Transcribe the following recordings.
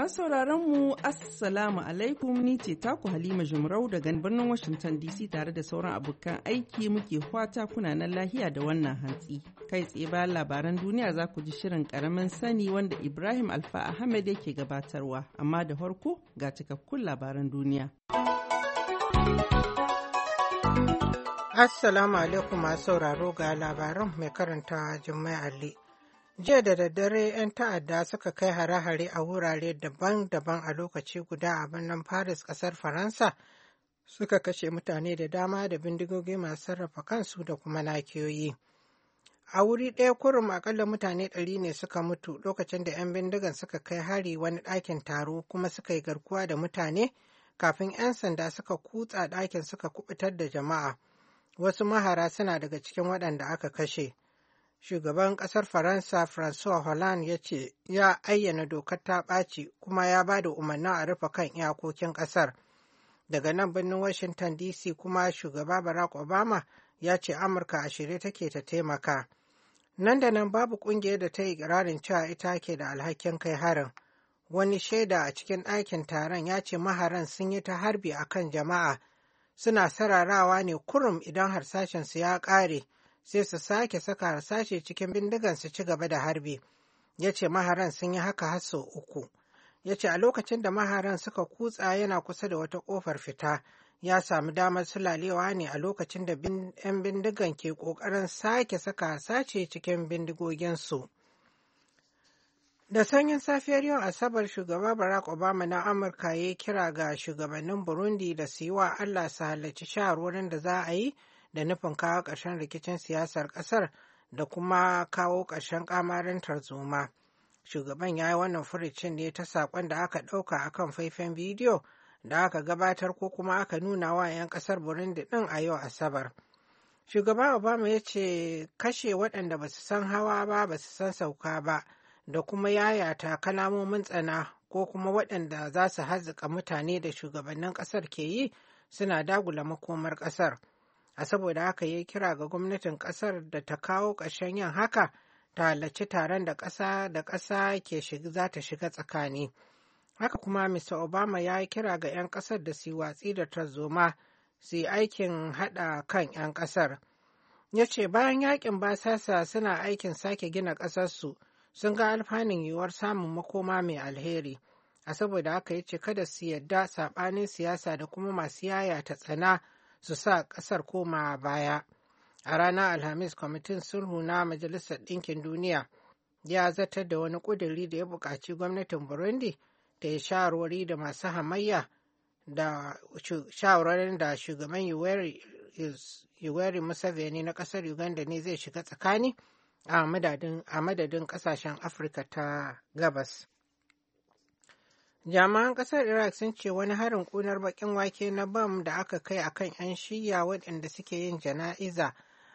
Masu sauraron mu Assalamu alaikum ni ce taku Halima Jumrau daga birnin Washington DC tare da sauran abokan aiki muke fata kuna nan lahiya da wannan hantsi. Kai tsaye bayan labaran duniya za ku ji shirin karamin sani wanda Ibrahim Alfa Ahmed yake gabatarwa amma da farko ga cikakkun labaran duniya. Assalamu alaikum masu sauraro ga labaran mai karanta Jummai Ali. Jiya da daddare 'yan ta'adda suka kai hare-hare a wurare daban-daban a lokaci guda a birnin Paris kasar Faransa suka kashe mutane da dama da bindigogi masu sarrafa kansu da kuma nakiyoyi. A wuri ɗaya kurum akalla mutane ɗari ne suka mutu lokacin da 'yan bindigan suka kai hari wani ɗakin taro kuma suka yi garkuwa da mutane kafin 'yan sanda suka kutsa ɗakin suka kubutar da jama'a. Wasu mahara suna daga cikin waɗanda aka kashe. shugaban ƙasar faransa francois hollande ya ce ya ayyana dokar ta ɓaci kuma ya ba da umarnin a rufe kan iyakokin ƙasar daga nan birnin washington dc kuma shugaba barack obama ya ce amurka a shirye take ta taimaka nan da nan babu ƙungiyar da ta yi ƙirarin cewa ita ke da alhakin kai harin wani shaida a cikin ɗakin taron ya ce maharan sun yi ta harbi a kan jama'a suna sararawa ne kurum idan harsashensu ya ƙare sai su sake saka harsashe cikin bindigan su ci gaba da harbi ya ce maharan sun yi haka har uku ya ce a lokacin da maharan suka kutsa yana kusa da wata ƙofar fita ya samu damar sulalewa ne a lokacin da 'yan bindigan ke ƙoƙarin sake saka harsashe cikin bindigoginsu. Da sanyin safiyar yau Asabar shugaba Barack Obama na Amurka ya kira ga shugabannin Burundi da su yi wa Allah su halarci shaharwarin da za a yi da nufin kawo ƙarshen rikicin siyasar ƙasar da kuma kawo ƙarshen ƙamarin tarzoma. Shugaban ya yi wannan furicin ne ta saƙon da aka ɗauka a kan faifan bidiyo da aka gabatar ko kuma aka nuna wa 'yan ƙasar Burundi ɗin a yau Asabar. Shugaba Obama ya ce kashe waɗanda ba su san hawa ba ba su san sauka ba da kuma yayata kalamomin tsana ko kuma waɗanda za su hazzika mutane da shugabannin ƙasar ke yi suna dagula makomar ƙasar. a saboda haka ya kira ga gwamnatin ƙasar da ta kawo ƙarshen yin haka ta halarci taron da ƙasa da ƙasa ke za ta shiga tsakani haka kuma mr obama ya kira ga 'yan ƙasar da su watsi da tarzoma su yi aikin haɗa kan 'yan ƙasar ya ce bayan yakin basasa suna aikin sake gina su, sun ga alfanin yiwuwar samun makoma mai alheri a saboda haka ya ce kada su yadda saɓanin siyasa da kuma masu yaya ta tsana su sa ƙasar koma baya a ranar alhamis kwamitin sulhu na majalisar ɗinkin duniya ya zartar da wani ƙuduri da ya buƙaci gwamnatin burundi ta yi shawarwari da masu hamayya da shawarwarin da shugaban yoweri museveni na ƙasar uganda ne zai shiga tsakani a madadin ƙasashen afirka ta gabas jami'an kasar iraq sun ce wani harin kunar bakin wake na bam da aka kai akan 'yan shiya waɗanda suke yin jana'iza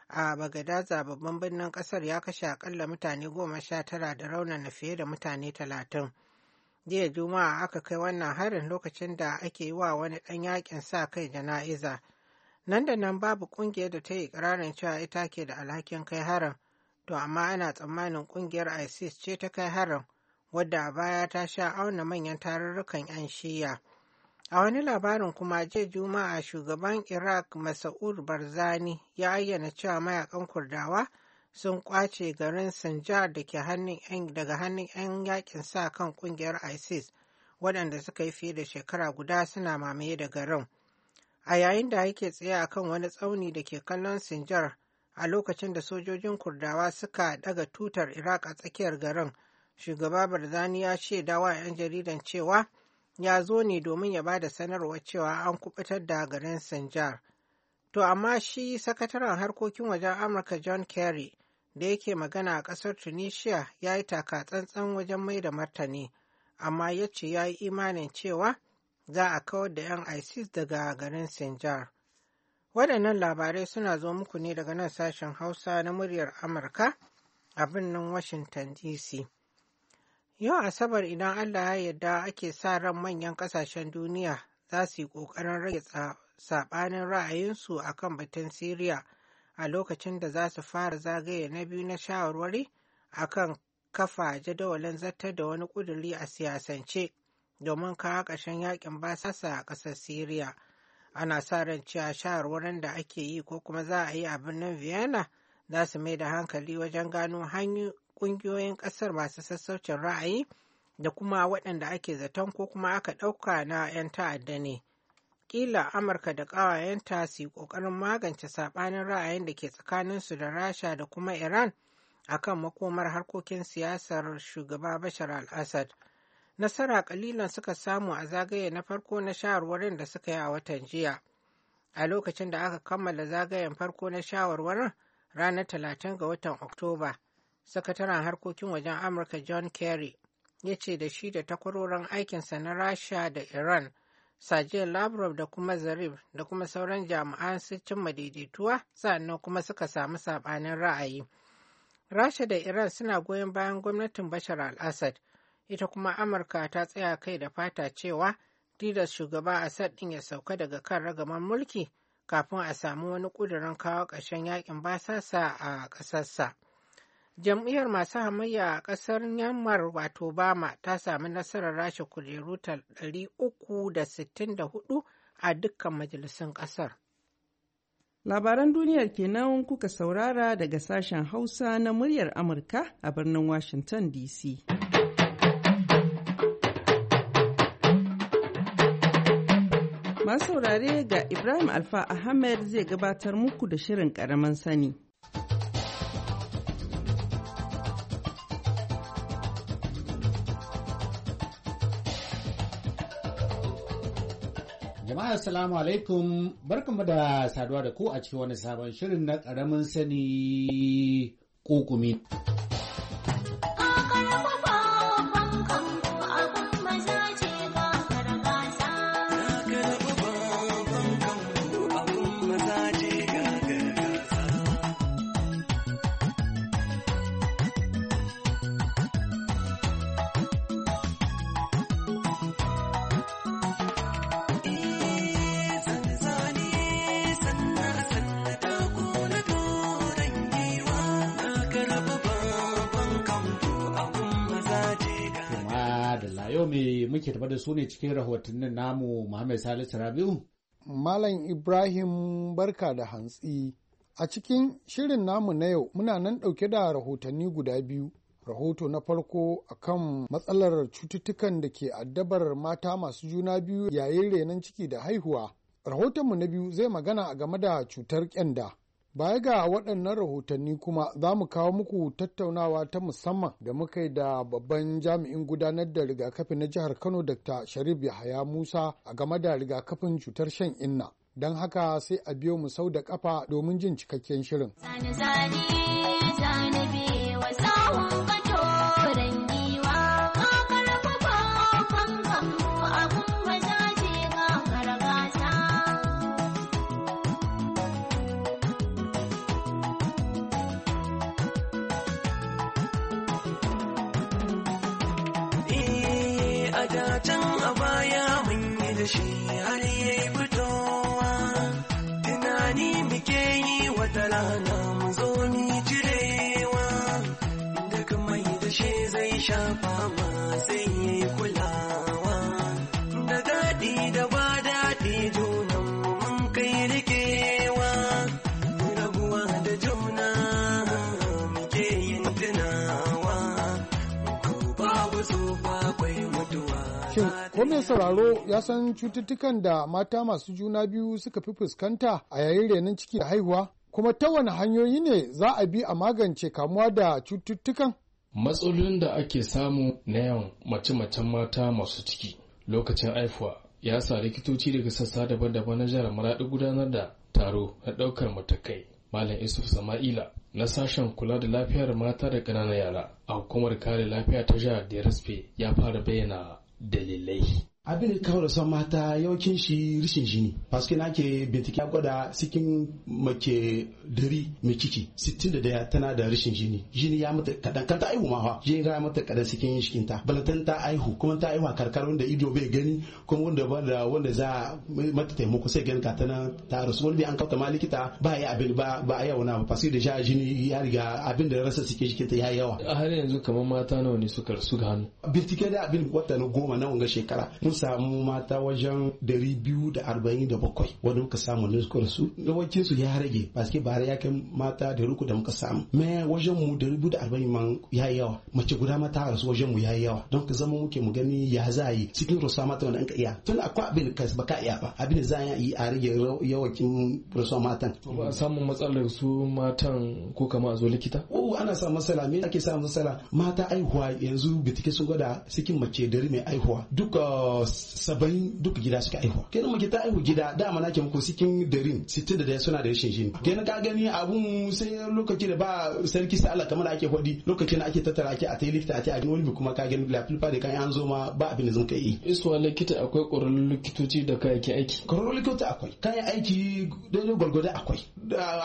a bagadaza babban birnin kasar ya kashe akalla mutane goma sha tara da na fiye da mutane talatin jiya juma'a aka kai wannan harin lokacin da ake yi wa wani ɗan yakin sa kai jana'iza nan da nan babu kungiyar da ta yi ƙirarin cewa ita ke da alhakin kai harin to amma ana tsammanin kungiyar isis ce ta kai harin wadda a baya ta sha auna manyan tarurrukan 'yan shiya. A wani labarin kuma jiya Juma'a shugaban Iraq Masa'ud Barzani ya ayyana cewa mayakan Kurdawa sun kwace garin Sinjar da ke daga hannun 'yan yakin sa kan kungiyar ISIS waɗanda suka yi fiye da shekara guda suna mamaye da garin. A yayin da yake tsaye a kan wani tsauni da ke kallon Sinjar a lokacin da sojojin Kurdawa suka daga tutar Iraq a tsakiyar garin shugaba barzani ya shaida wa 'yan jaridan cewa ya zo ne domin ya ba da sanarwa cewa an kubutar da garin sanjar to amma shi sakataren harkokin wajen amurka john kerry da yake magana a ƙasar tunisia ya yi taka tsantsan wajen mai da martani amma ya ce ya yi imanin cewa za a kawar da 'yan isis daga garin sinjar waɗannan labarai suna zo muku ne daga nan sashen hausa na muryar amurka a birnin washington dc Yau Asabar idan Allah ya yarda ake sa ran manyan kasashen duniya za su yi ƙoƙarin rage saɓanin ra'ayinsu a kan batun Siriya a lokacin da za su fara zagaye na biyu na shawarwari a kan kafa jadawalin zata da wani ƙuduri a siyasance domin kawo ƙarshen yakin basasa a ƙasar Siriya. Ana sa ran cewa shawarwarin da ake yi ko kuma za a yi a birnin Vienna za su mai da hankali wajen gano ƙungiyoyin ƙasar masu sassaucin ra'ayi da kuma waɗanda ake zaton ko kuma aka ɗauka na 'yan ta'adda ne. Kila Amurka da ƙawayenta su yi ƙoƙarin magance saɓanin ra'ayin da ke tsakaninsu da Rasha da kuma Iran a kan makomar harkokin siyasar shugaba Bashar al-Assad. Nasara ƙalilan suka samu a zagaye na farko na shawarwarin da suka yi a watan jiya. A lokacin da aka kammala zagayen farko na shawarwarin ranar talatin ga watan Oktoba. sakataren harkokin wajen amurka john kerry ya ce da shi da takwarorin aikinsa na rasha da iran sajiya lavrov da kuma zarif da kuma sauran jami'an sun cimma daidaituwa sannan kuma suka samu saɓanin ra'ayi rasha da iran suna goyon bayan gwamnatin bashar al-assad ita kuma amurka ta tsaya kai da fata cewa didar shugaba assad ɗin ya sauka daga kan ragaman mulki kafin a samu wani ƙudurin kawo ƙarshen yakin basasa a ƙasarsa. jam'iyyar masu hamayya a ƙasar myanmar wato bama ta sami nasarar rashe kujeru 364 a dukkan majalisun ƙasar labaran duniyar kenan kuka saurara daga sashen hausa na muryar amurka a birnin washington dc masu saurare ga ibrahim alfa ahmed zai gabatar muku da shirin ƙaramin sani Jama'a assalamu alaikum barkamu da saduwa da ku a cikin wani sabon shirin na ƙaramin sani kokumi. su ne cikin rahotannin namu Muhammad Salisu Rabiu. Malam Ibrahim barka da hantsi. A cikin shirin namu na yau muna nan ɗauke da rahotanni guda biyu. Rahoto na farko akan matsalar cututtukan da ke addabar mata masu juna biyu yayin renon ciki da haihuwa. Rahotonmu na biyu zai magana a game da cutar kyanda. Baya ga waɗannan rahotanni kuma za mu kawo muku tattaunawa ta musamman da muka yi da babban jami'in gudanar da rigakafi na jihar Kano Dr. Sharif Yahaya Musa a game da rigakafin cutar shan inna. Don haka sai a biyo mu sau da kafa domin jin cikakken shirin. Zani, zani, zani. rana mu zo ni jirewa daga mai da shi zai shafa ma sai yi kulawa da daɗi da ba daɗi junan mu mun kai rikewa rabuwa da juna muke yin tunawa babu su bakwai mutuwa Shin, ko mai sauraro ya san cututtukan da mata masu juna biyu suka fi fuskanta a yayin renon ciki da haihuwa? kuma ta wani hanyoyi ne za a bi a magance kamuwa da cututtukan? Matsalolin da ake samu na yawan mace-macen mata masu ciki lokacin haifuwa ya sa likitoci daga sassa daban-daban na jihar Maraɗi gudanar da taro na ɗaukar matakai. Malam Yusuf Sama'ila na sashen kula da lafiyar mata da ƙananan yara a hukumar kare lafiya ta jihar DRSP ya fara bayyana dalilai. abin da kawai son mata yawancin shi rishin shi ne paske na ke bincike ya gwada cikin mace dari mai ciki 61 tana da rishin jini jini ya mata kadan kan ta aihu ma jini ya mata kadan cikin shikin ta balatan ta aihu kuma ta aihu a karkar wanda ido bai gani kuma wanda da wanda za mata taimako sai gani ka tana ta rasu wani an kauta ma likita ba ya abin ba ba ya wani ba paske da sha jini ya riga abin da rasa cikin shikin ta ya yawa a har yanzu kamar mata nawa ne suka rasu ga hannu bincike da abin wata na goma na wanga shekara samu mata wajen 247 wanda muka samu na su yawancin su ya rage ke bare ya kai mata da ruku da muka samu me wajen mu 240 man ya yawa mace guda mata rasu wajen mu ya yawa don ka zama muke mu gani ya za yi cikin rusa mata wanda an ka iya tun akwai abin ka ka iya ba abin za a yi a rage yawancin rusa matan ba a samun matsalar su matan ko kama a zo likita oh ana samun matsala me ake samun matsala mata aihuwa yanzu bitike sun gwada cikin mace dari mai aihuwa duka saba'in duk gida suka aihuwa kenan muke ta aihu gida da mana ke muku cikin darin sittin da daya suna da rashin jini kenan ka gani abun sai lokacin da ba sarki sa Allah kamar ake hodi lokacin da ake tattara ake a likita a ta a wani kuma ka gani la filfa da kan an zo ma ba abin da zan kai iswa likita akwai ƙwararrun likitoci da kayayyaki aiki ƙwararrun likita akwai kayan aiki daidai gwargwado akwai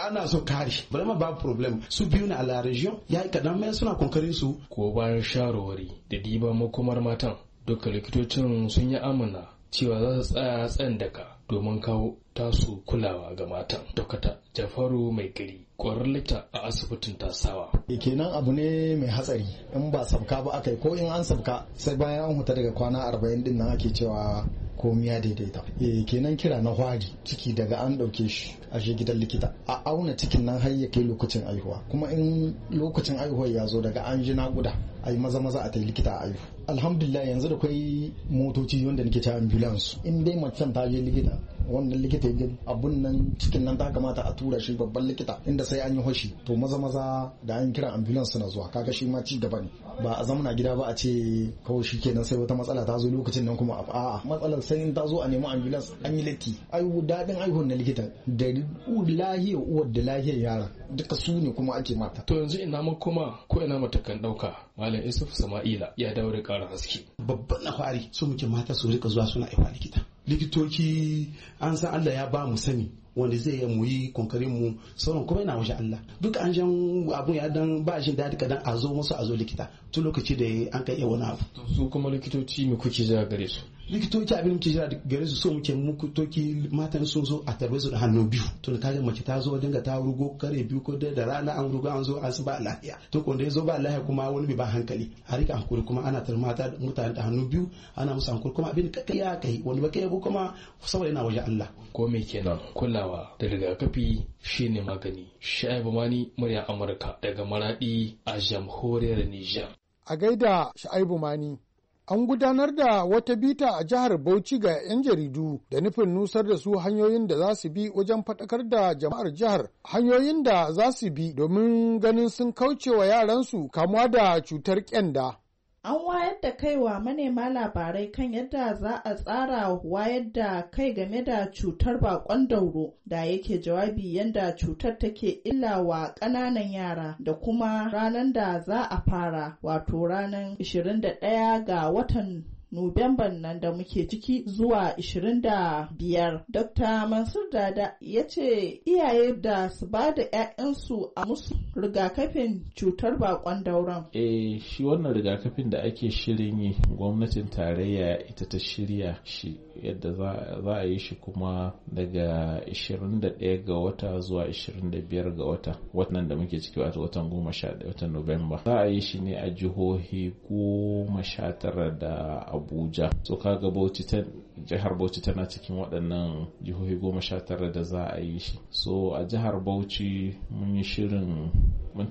ana so kare ma babu problem su biyu na a la region ya kadan mai suna kunkarin su ko bayan shawarwari da diba makomar matan duka likitocin sun yi amana cewa za su tsaya tsayin daka domin kawo tasu kulawa ga matan dokata jafaru mai gari likita a asibitin tasawa eh, kenan abu ne mai hatsari in ba sabka ba aka yi ko in an sabka sai bayan an huta daga kwana arba'in din nan ake cewa komi ya daidaita e kenan kira na hwari ciki daga an ɗauke shi a shi gidan likita a auna cikin nan har ya kai lokacin aihuwa kuma in lokacin aihuwa ya zo daga an ji naƙuda a yi maza maza a ta likita a yi alhamdulillah yanzu da kwai motoci wanda nake ta ambulance in dai macen ta je likita wannan likita ya abun nan cikin nan ta kamata a tura shi babban likita inda sai an yi hoshi to maza maza da an kira ambulance suna zuwa kaga shi ma ci gaba ne ba a zamana gida ba a ce kawai shi kenan sai wata matsala ta zo lokacin nan kuma a'a matsalar sai in ta zo a nemi ambulance an yi latti ai dadin aihun na likita da lahiyar uwar da lahiyar yara duka su ne kuma ake mata to yanzu ina ma kuma ko ina kan dauka Malam Yusuf Sama'ila ya dawo da ƙara haske. Babban na fari so muke mata su rika zuwa suna aiwa likita. Likitoci an san Allah ya ba mu sani wanda zai yi muyi konkarin mu sauran kuma yana wajen Allah duk an jan abun ya dan ba shi da kadan a zo musu a zo likita tun lokaci da an kai wani abu. Su kuma likitoci me kuke zuwa gare su? likitoci abin muke jira gare su so muke muku toki matan sun zo a tarbe su da hannu biyu tun kaga mace ta zo dinga ta rugo kare biyu ko da rana an rugo an zo an su ba lafiya to ko da ya zo ba lafiya kuma wani bai ba hankali a rika hankuri kuma ana tar mata mutane da hannu biyu ana musu hankuri kuma abin kaka ya kai wani ba kai ko kuma saboda yana waje Allah ko me kenan kulawa da rigakafi shine magani shaibu mani murya Amurka daga maradi a jamhuriyar Niger a gaida shaibu mani An gudanar da wata bita a jihar Bauchi ga 'yan jaridu da nufin nusar da su hanyoyin da za su bi wajen faɗakar da jama'ar jihar hanyoyin da za su bi domin ganin sun kaucewa yaransu kamuwa da cutar kyanda. An wayar da kai wa manema labarai kan yadda za a tsara wayar da kai game da cutar bakon dauro da yake jawabi yadda cutar take illa wa ƙananan yara da kuma ranar da za a fara wato ranar ɗaya ga watan Nuwamban nan da muke ciki zuwa 25. Dr. Mansur Dada ya ce iyaye da su ba da 'ya'yansu a musu rigakafin cutar bakon dauron. Eh shi wannan rigakafin da ake shirin yi gwamnatin tarayya ita ta shirya shi yadda za a yi shi kuma daga 21 ga wata zuwa 25 ga wata watan da muke ciki wata watan 11 watan Novemba. za a yi shi ne a jihohi 19 da Abuja so kaga Bauchi ta jihar Bauchi tana cikin waɗannan jihohi 19 da za a yi shi so a jihar Bauchi mun yi shirin mun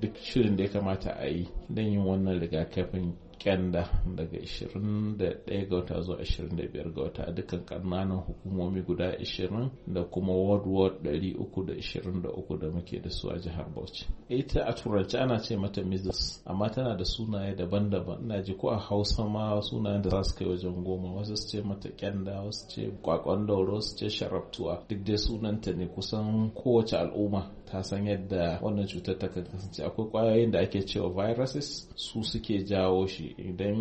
duk shirin da ya kamata a yi don yin wannan rigakafin kyanda daga 21 ga wata zuwa 25 ga wata dukkan ƙananan hukumomi guda 20 da kuma world war 323 da muke da su a jihar Bauchi. Ita a turanci ana ce mata mrs amma tana da sunaye daban-daban na ji ko a Hausa ma sunayen da za su kai wajen goma wasu su ce mata kyanda wasu ce kwakwan dauro su ce sharaftuwa duk dai sunanta ne kusan kowace al'umma ta san yadda wannan cutar ta kasance akwai kwayoyin da ake cewa viruses su suke jawo shi idan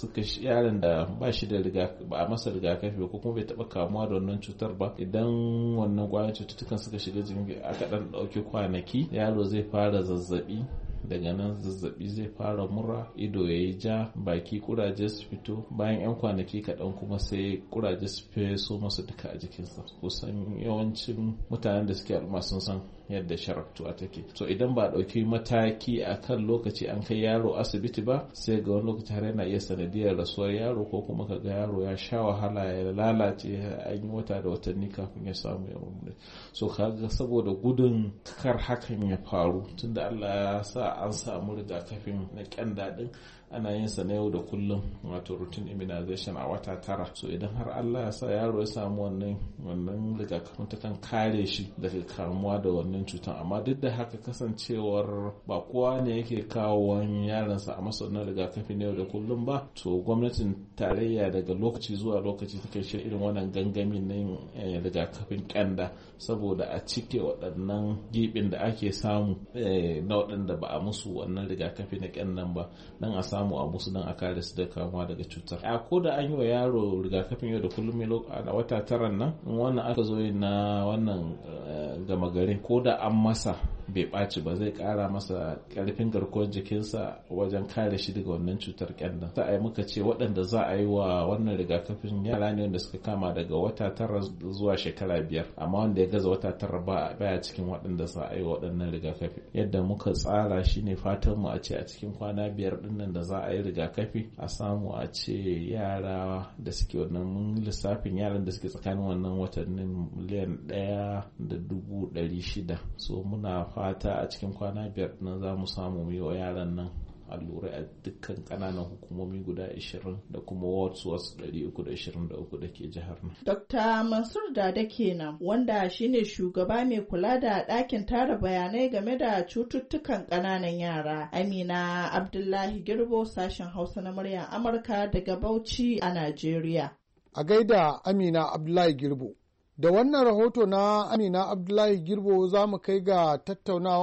suka yaron da ba shi da ba a masa rigakafi ko kuma bai taba kamuwa da wannan cutar ba idan wannan kwayoyin cututtukan suka shiga jikin aka dan dauki kwanaki yaro zai fara zazzabi daga nan zazzabi zai fara mura ido ya yi ja baki kuraje su fito bayan yan kwanaki kaɗan kuma sai kuraje su su masu duka a jikinsa kusan yawancin mutanen da suke al'umma sun san yadda sharaftuwa take to idan ba ɗauki mataki a kan lokaci an kai yaro asibiti ba sai ga wani lokaci har yana iya sanadiyar rasuwar yaro ko kuma ka ga yaro ya sha wahala ya lalace an yi wata da watanni kafin ya samu ya murmure so kaga saboda gudun kar hakan ya faru tunda Allah ya sa an samu rigakafin na ƙyan daɗin ana yin sa na yau da kullum wato routine immunization a wata tara so idan har Allah ya sa yaro ya samu wannan wannan rigakafin ta kan kare shi daga kamuwa da wannan cutan amma duk da haka kasancewar ba kowa ne yake kawo wani sa a masa wannan rigakafi na yau da kullum ba to gwamnatin tarayya daga lokaci zuwa lokaci ta kai irin wannan gangamin na yin eh, rigakafin kyanda saboda a cike waɗannan gibin da ake samu eh, na waɗanda ba a musu wannan rigakafi na nan ba nan a sa. samu a musu don a kare su da kamuwa daga cutar a ko da an yi wa yaro rigakafin yau da kullum a wata taran nan wannan aka zo na wannan eh, gama garin ko da an masa bai ɓaci ba zai ƙara masa ƙarfin garkuwar jikinsa wajen kare shi daga wannan cutar ƙyandan. Ta yi muka ce waɗanda za a yi wa wannan rigakafin yara ne wanda suka kama daga wata tara zuwa shekara biyar amma wanda ya gaza wata tara ba baya cikin waɗanda za a yi wa waɗannan rigakafi. Yadda muka tsara shine fatan mu a ce a cikin kwana biyar ɗinnan da za a yi rigakafi a samu a ce yara da suke wannan lissafin yaran da suke tsakanin wannan watannin miliyan ɗaya da dubu ɗari shida. So muna fata a cikin kwana biyar nan za mu samu mu wa yaran nan allurai a dukkan kananan hukumomi guda 20 da kuma wards 323 da ke jihar nan. Dr. Mansur da Dada kenan wanda shine shugaba mai kula da ɗakin tara bayanai game da cututtukan kananan yara. Amina Abdullahi Girbo sashen Hausa na muryar Amurka daga Bauchi a Najeriya. A gaida Amina Abdullahi Girbo. Da wannan rahoto na Amina Abdullahi Girbo za mu kai ga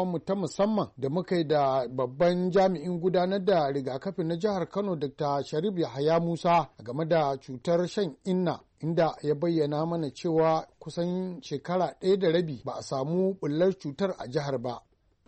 mu ta musamman da muka yi da babban jami'in gudanar da rigakafi na jihar Kano Dr. Sharif Yahaya Musa game da cutar shan inna inda ya bayyana mana cewa kusan shekara ɗaya da rabi ba a samu bullar cutar a jihar ba.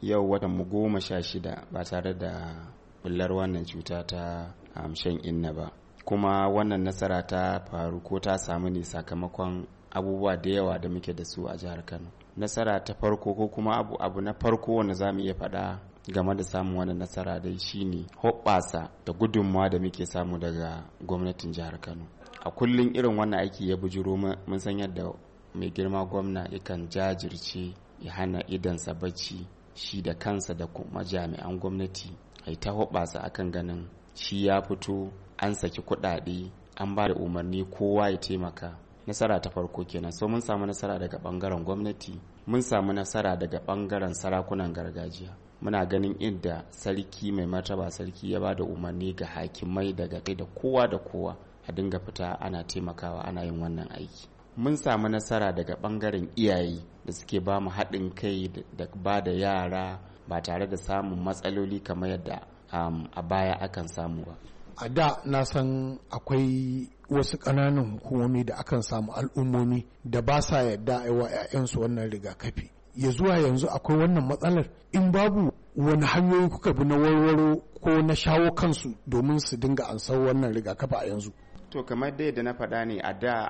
Yau watan mu goma sha shida ba tare da bullar wannan cuta ta um, shan inna ba. Kuma wannan nasara ta faru ko ta samu ne sakamakon abubuwa da yawa da muke da su a jihar kano nasara ta farko ko kuma abu abu na farko wanda za mu iya faɗa game da samun wani nasara dai shine hoɓɓasa da gudunmawa da muke samu daga gwamnatin jihar kano a kullum irin wannan aiki ya bujuro mun san yadda mai girma gwamna yakan jajirce ya hana idansa bacci shi da kansa da kuma jami'an gwamnati a ta hoɓasa akan ganin shi ya fito an saki kuɗaɗe an ba da umarni kowa ya taimaka nasara ta farko kenan so mun samu nasara daga bangaren gwamnati mun samu nasara daga bangaren sarakunan gargajiya muna ganin inda sarki mai martaba sarki ya ba da umarni ga hakimai daga kai da kowa da kowa a dinga fita ana taimakawa ana yin wannan aiki mun samu nasara daga bangaren iyaye da suke ba mu haɗin kai da ba da yara ba tare da samun matsaloli kamar yadda um, a baya akan samu ba a da na san akwai wasu ƙananan hukumomi da akan samu al'ummomi da ba sa yadda a wa 'ya'yansu wannan rigakafi ya zuwa yanzu akwai wannan matsalar in babu wani hanyoyi kuka bi na warwaro ko na shawo kansu domin su dinga ansar wannan rigakafi a yanzu to kamar dai da na faɗa ne a da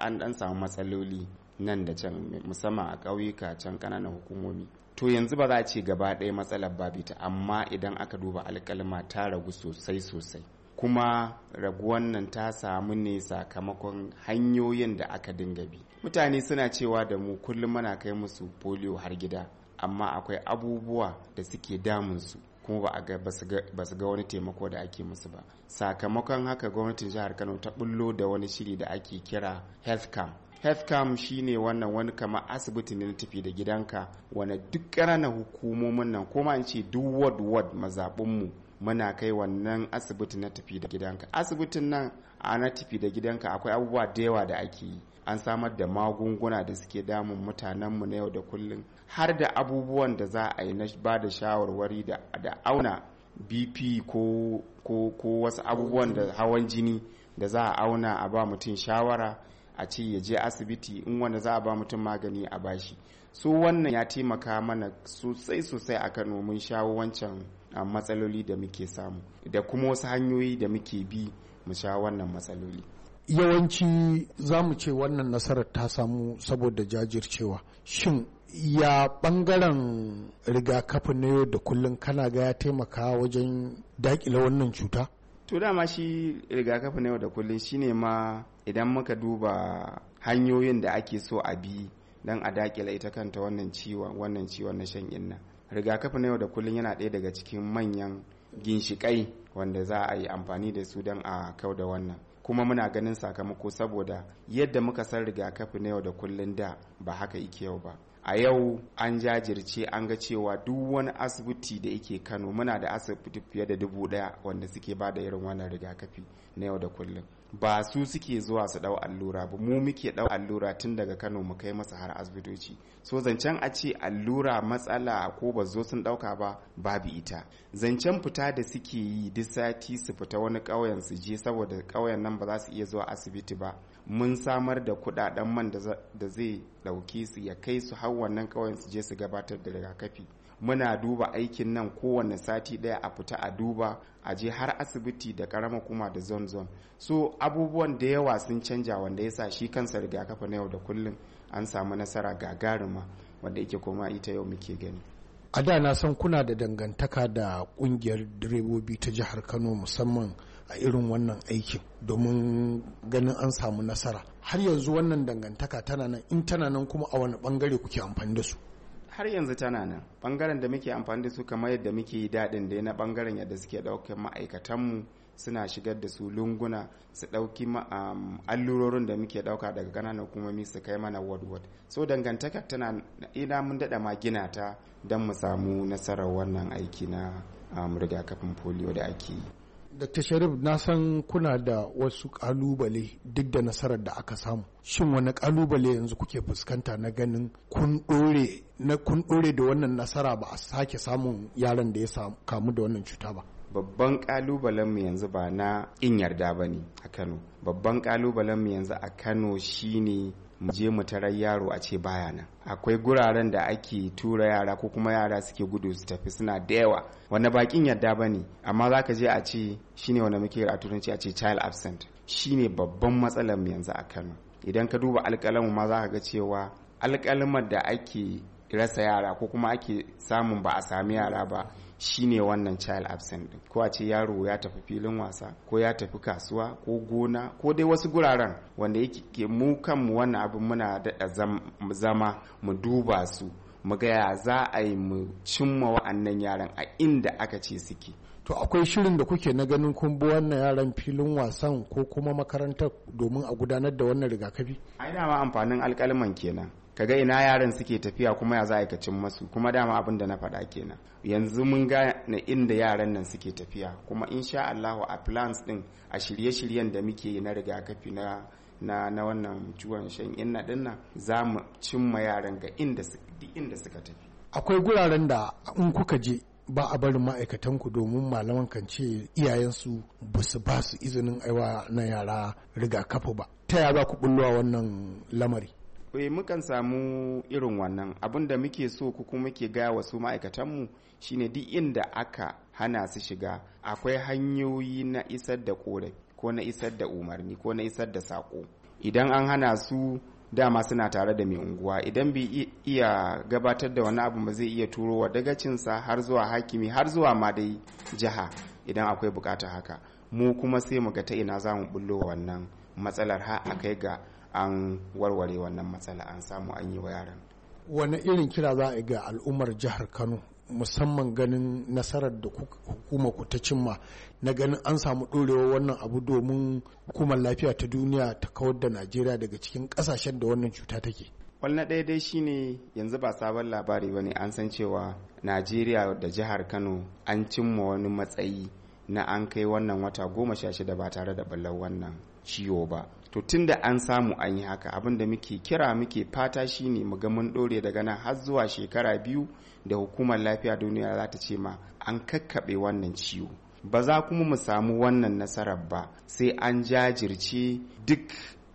an ɗan samu matsaloli nan da can musamman a ƙauyuka can ƙananan hukumomi to yanzu ba za a ce gaba ɗaya matsalar ba bita amma idan aka duba alƙalma ta ragu sosai sosai kuma raguwan nan ta samu ne sakamakon hanyoyin da aka dinga bi mutane suna cewa da mu kullum muna kai musu polio har gida amma akwai abubuwa da suke damunsu kuma ba su ga wani taimako da ake musu ba sakamakon haka gwamnatin jihar kano ta bullo da wani shiri da ake kira healthcam healthcam shine wannan wani kama asibiti ne na tafi da gidanka wani duk ƙananan hukumomin nan kuma an ce duk ward ward mazaɓinmu muna kai wannan asibiti na tafi da gidanka asibitin nan a na tafi da gidanka akwai abubuwa da yawa da ake yi an samar da magunguna da suke damun mutanenmu na yau da kullum har da abubuwan da za a yi na ba da shawarwari da auna bp ko, wasu abubuwan da hawan jini da za a auna a ba mutum shawara a ce ya je asibiti in wanda za a ba mutum magani a bashi su wannan ya taimaka mana sosai sosai a kan shawo wancan a matsaloli da muke samu da kuma wasu hanyoyi da muke bi mu sha wannan matsaloli yawanci za mu ce wannan nasarar ta samu saboda jajircewa shin ya bangaren rigakafi na yau da kullum kana ga ya taimaka wajen dakile wannan cuta to dama shi rigakafi na yau da kullum shine ma idan muka duba hanyoyin da ake so a bi don a dakile ita kanta wannan ciwon wannan ciwon na shan inna rigakafi na yau da kullum yana ɗaya daga cikin manyan ginshiƙai wanda za a yi amfani da su don a kau da wannan kuma muna ganin sakamako saboda yadda muka san rigakafi na yau da kullum da ba haka ike yau ba a yau an jajirce an ga cewa duk wani asibiti da yake kano muna da asibiti fiye da dubu daya wanda suke ba da irin wannan rigakafi na yau da kullum ba su suke zuwa su dau allura ba mu muke dau allura tun daga Kano mu kai masa har asibitoci so zancen a ce allura matsala ko ba zo sun dauka ba babu ita zancen fita da suke yi duk sati su fita wani ƙauyen su je saboda ƙauyen nan ba za su iya zuwa asibiti ba mun samar da kudaden man da zai dauke su ya kai su har wannan ƙauyen su je su gabatar da rigakafi muna duba aikin nan kowane sati daya a fita a duba a je har asibiti da karama kuma da zonzon zon so abubuwan da yawa sun canja wanda yasa shi kansa rigakafi na yau da kullum an samu nasara gagarima wanda yake koma ita yau muke gani a da na san kuna da dangantaka da kungiyar direbobi ta jihar kano musamman a irin wannan aikin domin ganin an samu nasara har yanzu wannan dangantaka tana nan in tana nan kuma a wani bangare kuke amfani da su har yanzu tana nan bangaren da muke amfani da su kamar yadda muke yi daɗin da na bangaren yadda suke ɗaukar ma'aikatanmu suna shigar da su lunguna su ɗauki allurorin da muke ɗauka daga ƙananan hukumomi su kai mana ward ward so dangantaka tana ina mun daɗa ma gina ta don mu samu nasarar wannan aiki na rigakafin polio da ake yi Dr. Sharif na san kuna da wasu kalubale duk da nasarar da aka samu. Shin wani kalubale yanzu kuke fuskanta na ganin kun dore na kun da wannan nasara ba a sake samun yaron da ya kamu da wannan cuta ba? Babban mu yanzu ba na in yarda ba ne a Kano. Babban mu yanzu a Kano shine mu je mu tarar yaro a ce baya nan akwai guraren da ake tura yara ko kuma yara suke gudu su tafi suna da yawa wanda bakin yadda ba ne amma za ka je a ce shine wanda muke a turanci a ce child absent shine babban matsalar mu yanzu a kano idan ka duba alƙalamu ma za ka ga cewa alkalamar da ake rasa yara ko kuma ake samun ba a sami yara ba shine wannan child absent din ko a ce yaro ya tafi filin wasa ko ya tafi kasuwa ko gona ko dai wasu guraren wanda yake mu kanmu wannan abin muna da zama mu duba su mu gaya za a yi mu cimma wa'annan yaran a inda aka ce suke to akwai shirin da kuke na ganin kun bi wannan yaran filin wasan ko kuma makarantar domin a gudanar da wannan rigakafi ai dama amfanin alkaliman kenan Ka ga ina yaran suke tafiya kuma ya za a cimma masu kuma dama abin da na faɗa kenan yanzu mun ga gane inda yaran nan suke tafiya kuma insha Allah a plans din a shirye-shiryen da muke na rigakafi na na na wannan ciwon shan inna din za mu cimma yaran ga inda inda suka tafi akwai guraren da in kuka je ba a barin ma'aikatanku domin malaman kan ce iyayensu ba su ba su izinin aiwa na yara rigakafi ba ta ya za ku bullowa wannan lamari eh mukan samu irin wannan abin da muke so ku kuma muke ga wasu ma'aikatanmu shine duk inda aka hana su shiga akwai hanyoyi na isar da korai ko na isar da umarni ko na isar da sako idan an hana su dama suna tare da mai unguwa idan bai iya gabatar da wani abu ba zai iya turowa dagacinsa har zuwa hakimi har zuwa ma dai jiha idan akwai bukata haka mu kuma sai mu ga ta ina za mu bullo wannan matsalar ha a kai ga an warware wannan matsala an samu an yi wa yaran wani irin kira za a ga al'ummar jihar kano musamman ganin nasarar da hukuma ku ta cimma na ganin an samu ɗorewa wannan abu domin hukumar lafiya ta duniya ta kawar da najeriya daga cikin ƙasashen da wannan cuta take wannan na ɗaya dai shine yanzu ba sabon labari ba ne an san cewa najeriya da jihar kano an cimma wani matsayi na an kai wannan wata goma sha shida ba tare da ballar wannan ciwo ba to tun da an samu an yi haka abin da muke kira muke fata shi ne mu ga mun dore daga nan har zuwa shekara biyu da hukumar lafiya duniya za ta ce ma an kakkaɓe wannan ciwo ba za kuma mu samu wannan nasarar ba sai an jajirce duk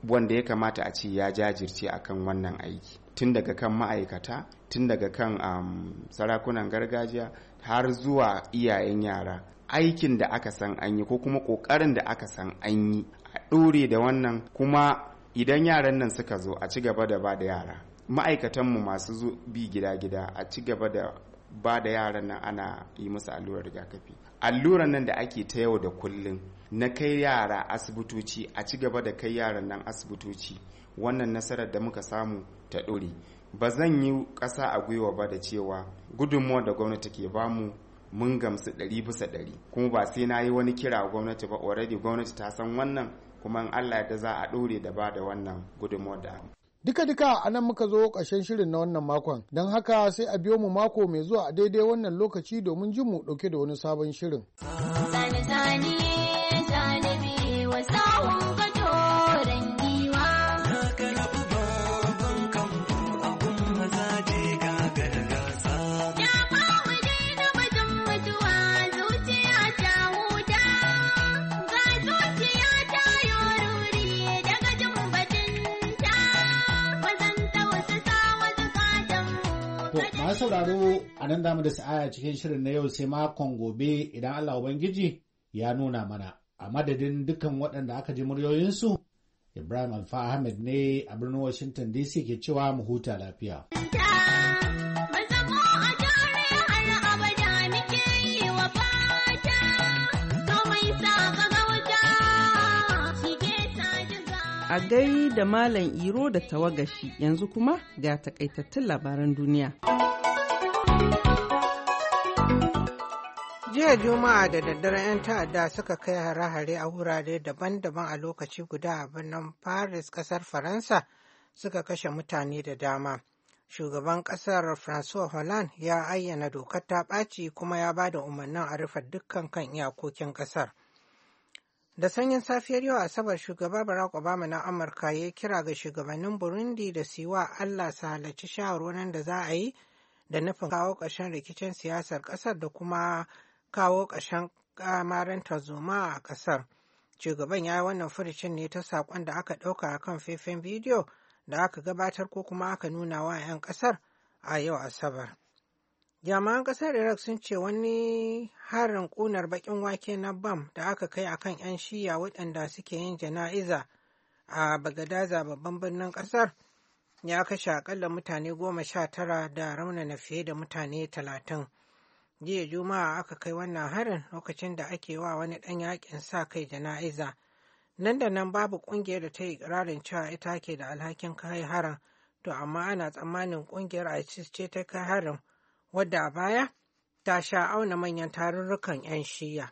wanda ya kamata a ce ya jajirce akan wannan aiki tun daga kan ma'aikata tun daga kan um, sarakunan gargajiya har zuwa iyayen yara aikin da aka san an yi ko kuma ƙoƙarin da aka san an yi ɗore da wannan kuma idan yaran nan suka zo a ci gaba da ba da yara ma'aikatanmu masu bi gida-gida a ci gaba da ba da yaran nan ana yi musu allurar rigakafi allurar nan da ake ta yau da kullum na kai yara asibitoci a ci gaba da kai yaran nan asibitoci wannan nasarar da muka samu ta ɗore ba zan yi ƙasa a gwiwa ba da cewa gudunmuwa da gwamnati ke bamu mun gamsu ɗari bisa ɗari kuma ba sai na yi wani kira gwamnati ba already gwamnati ta san wannan kuma in allah da za a ɗore da ba da wannan gudunmuwar da Duka-duka a nan muka zo ƙarshen shirin na wannan makon, don haka sai a biyo mu mako mai zuwa a daidai wannan lokaci domin jin mu ɗauke da wani sabon shirin. Masu sauraro a nan damu da sa'aya cikin shirin na yau sai makon gobe idan Allah Ubangiji ya nuna mana. A madadin dukkan waɗanda aka ji muryoyinsu, Ibrahim Alfa Ahmed ne a birnin Washington DC ke cewa mu huta lafiya. a gai da Malam Iro da tawagashi yanzu kuma ga takaitattun labaran duniya. jiya juma'a da daddare 'yan ta'adda suka kai hare-hare a wurare daban-daban a lokaci guda a birnin paris kasar faransa suka kashe mutane da dama shugaban kasar francois hollande ya ayyana dokar ta ɓaci kuma ya ba da umarnin a rufe dukkan kan iyakokin kasar da sanyin safiyar yau asabar shugaba barack obama na amurka ya kira ga shugabannin burundi da siwa allah su halarci shawarwarin da za a yi da nufin kawo ƙarshen rikicin siyasar ƙasar da kuma kawo ƙarshen kamarin tarzoma a ƙasar. Shugaban ya yi wannan furucin ne ta saƙon da aka ɗauka a kan faifan bidiyo da aka gabatar ko kuma aka nuna wa 'yan ƙasar a yau Asabar. Jami'an ƙasar Iraq sun ce wani harin ƙunar baƙin wake na bam da aka kai a kan 'yan shiya waɗanda suke yin jana'iza a Bagadaza babban birnin ƙasar ya kashe akalla mutane goma sha tara da raunana fiye da mutane talatin. jiya juma'a aka kai wannan harin lokacin da ake wa wani ɗan yakin sa kai jana'iza nan da nan babu ƙungiyar da ta yi ƙirarin cewa ita ke da alhakin kai harin to amma ana tsammanin ƙungiyar isis ce ta kai harin wadda a baya ta sha auna manyan tarurrukan 'yan shiya